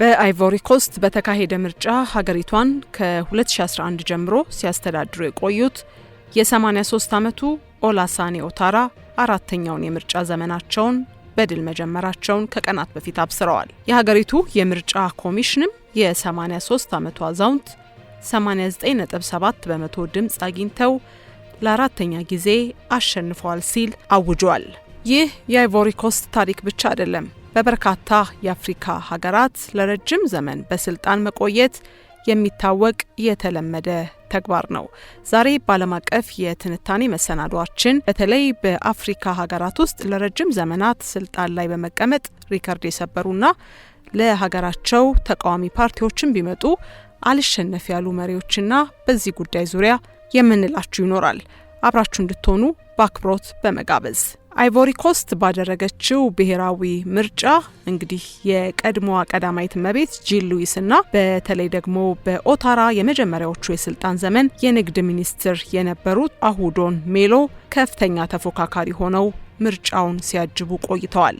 በአይቮሪ ኮስት በተካሄደ ምርጫ ሀገሪቷን ከ2011 ጀምሮ ሲያስተዳድሩ የቆዩት የ83 ዓመቱ ኦላሳኔ ኦታራ አራተኛውን የምርጫ ዘመናቸውን በድል መጀመራቸውን ከቀናት በፊት አብስረዋል። የሀገሪቱ የምርጫ ኮሚሽንም የ83 ዓመቱ አዛውንት 89.7 በመቶ ድምፅ አግኝተው ለአራተኛ ጊዜ አሸንፈዋል ሲል አውጇል። ይህ የአይቮሪ ኮስት ታሪክ ብቻ አይደለም። በበርካታ የአፍሪካ ሀገራት ለረጅም ዘመን በስልጣን መቆየት የሚታወቅ የተለመደ ተግባር ነው። ዛሬ በዓለም አቀፍ የትንታኔ መሰናዷችን በተለይ በአፍሪካ ሀገራት ውስጥ ለረጅም ዘመናት ስልጣን ላይ በመቀመጥ ሪከርድ የሰበሩና ለሀገራቸው ተቃዋሚ ፓርቲዎችን ቢመጡ አልሸነፍ ያሉ መሪዎችና በዚህ ጉዳይ ዙሪያ የምንላችሁ ይኖራል። አብራችሁ እንድትሆኑ በአክብሮት በመጋበዝ አይቮሪ ኮስት ባደረገችው ብሔራዊ ምርጫ እንግዲህ የቀድሞዋ ቀዳማዊት እመቤት ጂል ሉዊስ እና በተለይ ደግሞ በኦታራ የመጀመሪያዎቹ የስልጣን ዘመን የንግድ ሚኒስትር የነበሩት አሁዶን ሜሎ ከፍተኛ ተፎካካሪ ሆነው ምርጫውን ሲያጅቡ ቆይተዋል።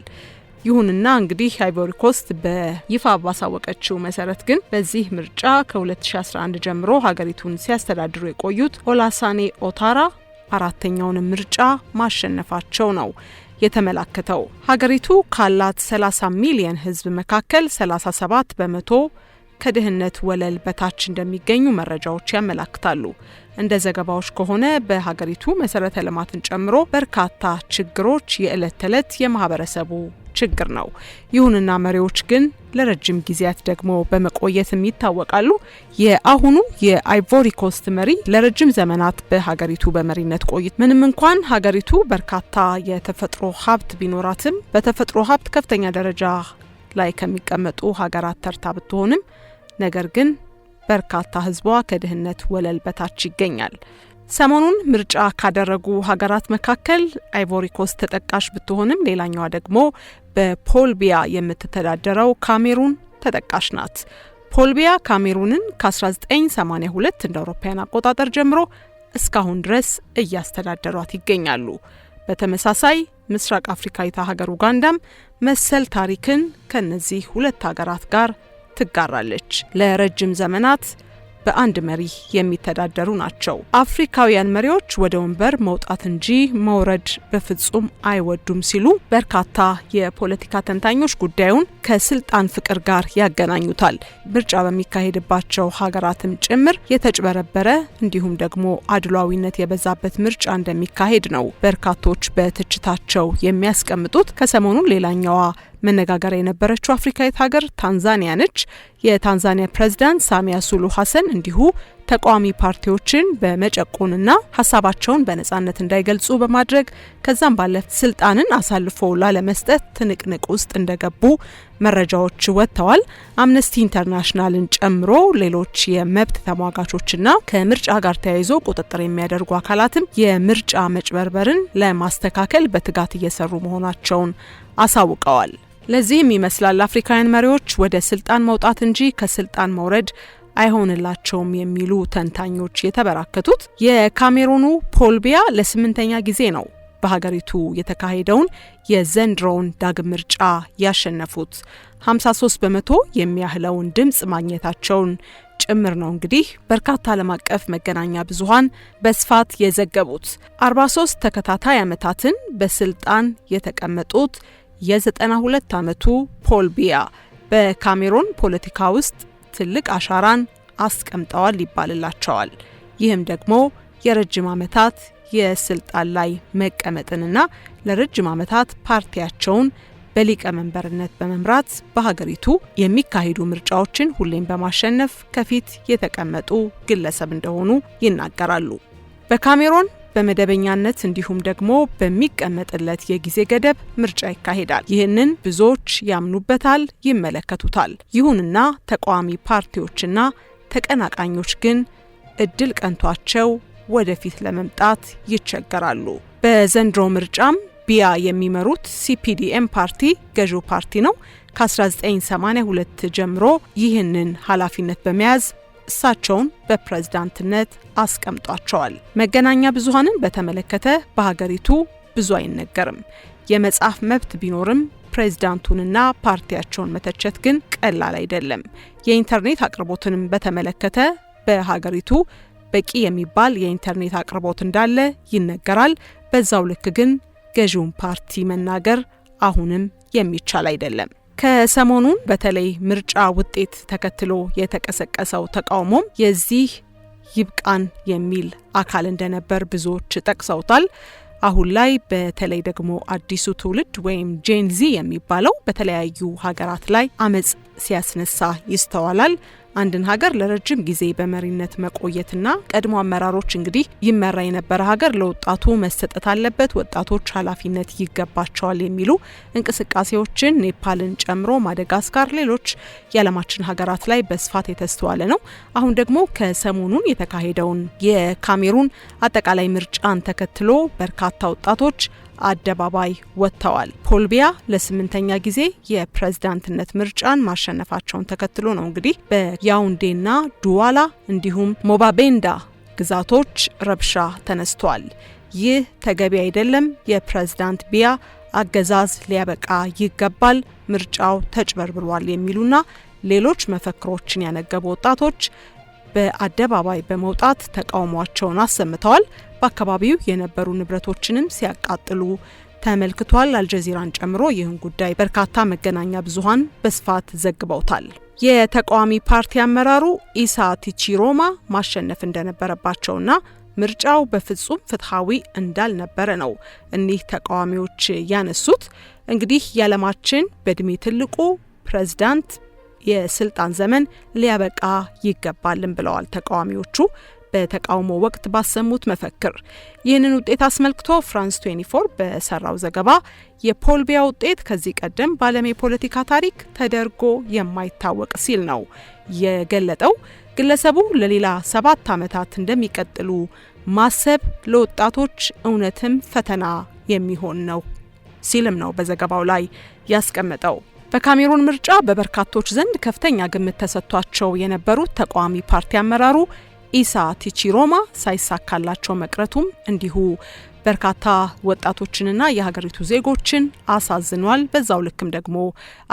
ይሁንና እንግዲህ አይቮሪ ኮስት በይፋ ባሳወቀችው መሰረት ግን በዚህ ምርጫ ከ2011 ጀምሮ ሀገሪቱን ሲያስተዳድሩ የቆዩት ኦላሳኔ ኦታራ አራተኛውን ምርጫ ማሸነፋቸው ነው የተመላከተው። ሀገሪቱ ካላት 30 ሚሊየን ህዝብ መካከል 37 በመቶ ከድህነት ወለል በታች እንደሚገኙ መረጃዎች ያመላክታሉ። እንደ ዘገባዎች ከሆነ በሀገሪቱ መሰረተ ልማትን ጨምሮ በርካታ ችግሮች የዕለት ተዕለት የማህበረሰቡ ችግር ነው። ይሁንና መሪዎች ግን ለረጅም ጊዜያት ደግሞ በመቆየትም ይታወቃሉ። የአሁኑ የአይቮሪኮስት መሪ ለረጅም ዘመናት በሀገሪቱ በመሪነት ቆይት ምንም እንኳን ሀገሪቱ በርካታ የተፈጥሮ ሀብት ቢኖራትም በተፈጥሮ ሀብት ከፍተኛ ደረጃ ላይ ከሚቀመጡ ሀገራት ተርታ ብትሆንም ነገር ግን በርካታ ህዝቧ ከድህነት ወለል በታች ይገኛል። ሰሞኑን ምርጫ ካደረጉ ሀገራት መካከል አይቮሪኮስ ተጠቃሽ ብትሆንም ሌላኛዋ ደግሞ በፖልቢያ የምትተዳደረው ካሜሩን ተጠቃሽ ናት። ፖልቢያ ካሜሩንን ከ1982 እንደ አውሮፓውያን አቆጣጠር ጀምሮ እስካሁን ድረስ እያስተዳደሯት ይገኛሉ። በተመሳሳይ ምስራቅ አፍሪካዊቷ ሀገር ኡጋንዳም መሰል ታሪክን ከእነዚህ ሁለት ሀገራት ጋር ትጋራለች። ለረጅም ዘመናት በአንድ መሪ የሚተዳደሩ ናቸው። አፍሪካውያን መሪዎች ወደ ወንበር መውጣት እንጂ መውረድ በፍጹም አይወዱም ሲሉ በርካታ የፖለቲካ ተንታኞች ጉዳዩን ከስልጣን ፍቅር ጋር ያገናኙታል። ምርጫ በሚካሄድባቸው ሀገራትም ጭምር የተጭበረበረ እንዲሁም ደግሞ አድሏዊነት የበዛበት ምርጫ እንደሚካሄድ ነው በርካቶች በትችታቸው የሚያስቀምጡት። ከሰሞኑ ሌላኛዋ መነጋገሪያ የነበረችው አፍሪካዊት ሀገር ታንዛኒያ ነች። የታንዛኒያ ፕሬዝዳንት ሳሚያ ሱሉ ሀሰን እንዲሁ ተቃዋሚ ፓርቲዎችን በመጨቆንና ሀሳባቸውን በነጻነት እንዳይገልጹ በማድረግ ከዛም ባለፍ ስልጣንን አሳልፎ ላለመስጠት ትንቅንቅ ውስጥ እንደገቡ መረጃዎች ወጥተዋል። አምነስቲ ኢንተርናሽናልን ጨምሮ ሌሎች የመብት ተሟጋቾችና ከምርጫ ጋር ተያይዞ ቁጥጥር የሚያደርጉ አካላትም የምርጫ መጭበርበርን ለማስተካከል በትጋት እየሰሩ መሆናቸውን አሳውቀዋል። ለዚህም ይመስላል አፍሪካውያን መሪዎች ወደ ስልጣን መውጣት እንጂ ከስልጣን መውረድ አይሆንላቸውም የሚሉ ተንታኞች የተበራከቱት። የካሜሩኑ ፖል ቢያ ለስምንተኛ ጊዜ ነው በሀገሪቱ የተካሄደውን የዘንድሮውን ዳግም ምርጫ ያሸነፉት 53 በመቶ የሚያህለውን ድምፅ ማግኘታቸውን ጭምር ነው እንግዲህ በርካታ ዓለም አቀፍ መገናኛ ብዙሀን በስፋት የዘገቡት። 43 ተከታታይ ዓመታትን በስልጣን የተቀመጡት የ92 ዓመቱ ፖል ቢያ በካሜሮን ፖለቲካ ውስጥ ትልቅ አሻራን አስቀምጠዋል ይባልላቸዋል። ይህም ደግሞ የረጅም ዓመታት የስልጣን ላይ መቀመጥንና ለረጅም ዓመታት ፓርቲያቸውን በሊቀመንበርነት በመምራት በሀገሪቱ የሚካሄዱ ምርጫዎችን ሁሌም በማሸነፍ ከፊት የተቀመጡ ግለሰብ እንደሆኑ ይናገራሉ። በካሜሮን በመደበኛነት እንዲሁም ደግሞ በሚቀመጥለት የጊዜ ገደብ ምርጫ ይካሄዳል። ይህንን ብዙዎች ያምኑበታል፣ ይመለከቱታል። ይሁንና ተቃዋሚ ፓርቲዎችና ተቀናቃኞች ግን እድል ቀንቷቸው ወደፊት ለመምጣት ይቸገራሉ። በዘንድሮ ምርጫም ቢያ የሚመሩት ሲፒዲኤም ፓርቲ ገዢው ፓርቲ ነው። ከ1982 ጀምሮ ይህንን ኃላፊነት በመያዝ እሳቸውን በፕሬዝዳንትነት አስቀምጧቸዋል። መገናኛ ብዙሃንን በተመለከተ በሀገሪቱ ብዙ አይነገርም። የመጻፍ መብት ቢኖርም ፕሬዝዳንቱንና ፓርቲያቸውን መተቸት ግን ቀላል አይደለም። የኢንተርኔት አቅርቦትንም በተመለከተ በሀገሪቱ በቂ የሚባል የኢንተርኔት አቅርቦት እንዳለ ይነገራል። በዛው ልክ ግን ገዢውን ፓርቲ መናገር አሁንም የሚቻል አይደለም። ከሰሞኑን በተለይ ምርጫ ውጤት ተከትሎ የተቀሰቀሰው ተቃውሞም የዚህ ይብቃን የሚል አካል እንደነበር ብዙዎች ጠቅሰውታል። አሁን ላይ በተለይ ደግሞ አዲሱ ትውልድ ወይም ጄንዚ የሚባለው በተለያዩ ሀገራት ላይ አመጽ ሲያስነሳ ይስተዋላል። አንድን ሀገር ለረጅም ጊዜ በመሪነት መቆየትና ቀድሞ አመራሮች እንግዲህ ይመራ የነበረ ሀገር ለወጣቱ መሰጠት አለበት፣ ወጣቶች ኃላፊነት ይገባቸዋል የሚሉ እንቅስቃሴዎችን ኔፓልን ጨምሮ ማደጋስካር፣ ሌሎች የዓለማችን ሀገራት ላይ በስፋት የተስተዋለ ነው። አሁን ደግሞ ከሰሞኑን የተካሄደውን የካሜሩን አጠቃላይ ምርጫን ተከትሎ በርካታ ወጣቶች አደባባይ ወጥተዋል። ፖል ቢያ ለስምንተኛ ጊዜ የፕሬዝዳንትነት ምርጫን ማሸነፋቸውን ተከትሎ ነው እንግዲህ በያውንዴና ዱዋላ እንዲሁም ሞባቤንዳ ግዛቶች ረብሻ ተነስቷል። ይህ ተገቢ አይደለም። የፕሬዝዳንት ቢያ አገዛዝ ሊያበቃ ይገባል፣ ምርጫው ተጭበርብሯል የሚሉና ሌሎች መፈክሮችን ያነገቡ ወጣቶች በአደባባይ በመውጣት ተቃውሟቸውን አሰምተዋል። በአካባቢው የነበሩ ንብረቶችንም ሲያቃጥሉ ተመልክቷል። አልጀዚራን ጨምሮ ይህን ጉዳይ በርካታ መገናኛ ብዙሃን በስፋት ዘግበውታል። የተቃዋሚ ፓርቲ አመራሩ ኢሳ ቲቺሮማ ማሸነፍ እንደነበረባቸውና ምርጫው በፍጹም ፍትሐዊ እንዳልነበረ ነው እኒህ ተቃዋሚዎች ያነሱት። እንግዲህ የዓለማችን በእድሜ ትልቁ ፕሬዝዳንት የስልጣን ዘመን ሊያበቃ ይገባልን ብለዋል ተቃዋሚዎቹ። በተቃውሞ ወቅት ባሰሙት መፈክር። ይህንን ውጤት አስመልክቶ ፍራንስ 24 በሰራው ዘገባ የፖል ቢያ ውጤት ከዚህ ቀደም በዓለም የፖለቲካ ታሪክ ተደርጎ የማይታወቅ ሲል ነው የገለጠው። ግለሰቡ ለሌላ ሰባት ዓመታት እንደሚቀጥሉ ማሰብ ለወጣቶች እውነትም ፈተና የሚሆን ነው ሲልም ነው በዘገባው ላይ ያስቀመጠው። በካሜሩን ምርጫ በበርካቶች ዘንድ ከፍተኛ ግምት ተሰጥቷቸው የነበሩት ተቃዋሚ ፓርቲ አመራሩ ኢሳ ሮማ ሳይሳካላቸው መቅረቱም እንዲሁ በርካታ ወጣቶችንና የሀገሪቱ ዜጎችን አሳዝኗል። በዛው ልክም ደግሞ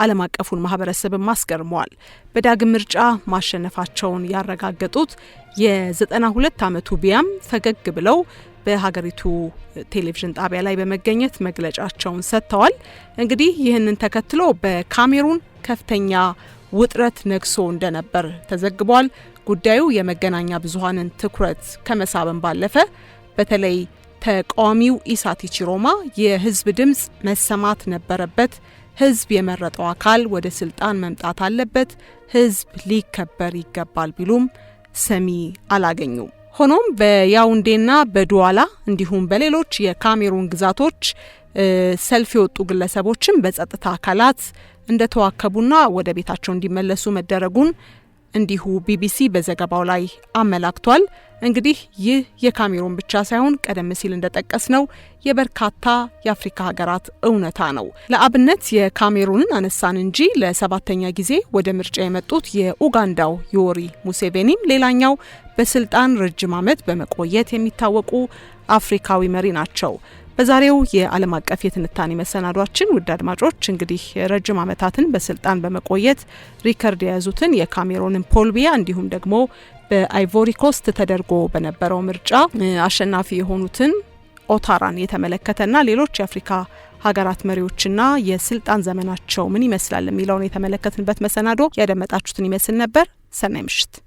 ዓለም አቀፉን ማህበረሰብም አስገርመዋል። በዳግም ምርጫ ማሸነፋቸውን ያረጋገጡት የ92 ዓመቱ ቢያም ፈገግ ብለው በሀገሪቱ ቴሌቪዥን ጣቢያ ላይ በመገኘት መግለጫቸውን ሰጥተዋል። እንግዲህ ይህንን ተከትሎ በካሜሩን ከፍተኛ ውጥረት ነግሶ እንደነበር ተዘግቧል። ጉዳዩ የመገናኛ ብዙሃንን ትኩረት ከመሳብን ባለፈ በተለይ ተቃዋሚው ኢሳት ሮማ የህዝብ ድምፅ መሰማት ነበረበት፣ ህዝብ የመረጠው አካል ወደ ስልጣን መምጣት አለበት፣ ህዝብ ሊከበር ይገባል ቢሉም ሰሚ አላገኙም። ሆኖም በያውንዴና በዱዋላ እንዲሁም በሌሎች የካሜሩን ግዛቶች ሰልፍ የወጡ ግለሰቦችም በጸጥታ አካላት እንደተዋከቡና ወደ ቤታቸው እንዲመለሱ መደረጉን እንዲሁ ቢቢሲ በዘገባው ላይ አመላክቷል። እንግዲህ ይህ የካሜሩን ብቻ ሳይሆን ቀደም ሲል እንደጠቀስ ነው የበርካታ የአፍሪካ ሀገራት እውነታ ነው። ለአብነት የካሜሩንን አነሳን እንጂ ለሰባተኛ ጊዜ ወደ ምርጫ የመጡት የኡጋንዳው ዮሪ ሙሴቬኒም ሌላኛው በስልጣን ረጅም ዓመት በመቆየት የሚታወቁ አፍሪካዊ መሪ ናቸው። በዛሬው የዓለም አቀፍ የትንታኔ መሰናዷችን ውድ አድማጮች እንግዲህ ረጅም ዓመታትን በስልጣን በመቆየት ሪከርድ የያዙትን የካሜሮንን ፖልቢያ እንዲሁም ደግሞ በአይቮሪኮስት ተደርጎ በነበረው ምርጫ አሸናፊ የሆኑትን ኦታራን የተመለከተና ሌሎች የአፍሪካ ሀገራት መሪዎችና የስልጣን ዘመናቸው ምን ይመስላል የሚለውን የተመለከትንበት መሰናዶ ያደመጣችሁትን ይመስል ነበር። ሰናይ ምሽት።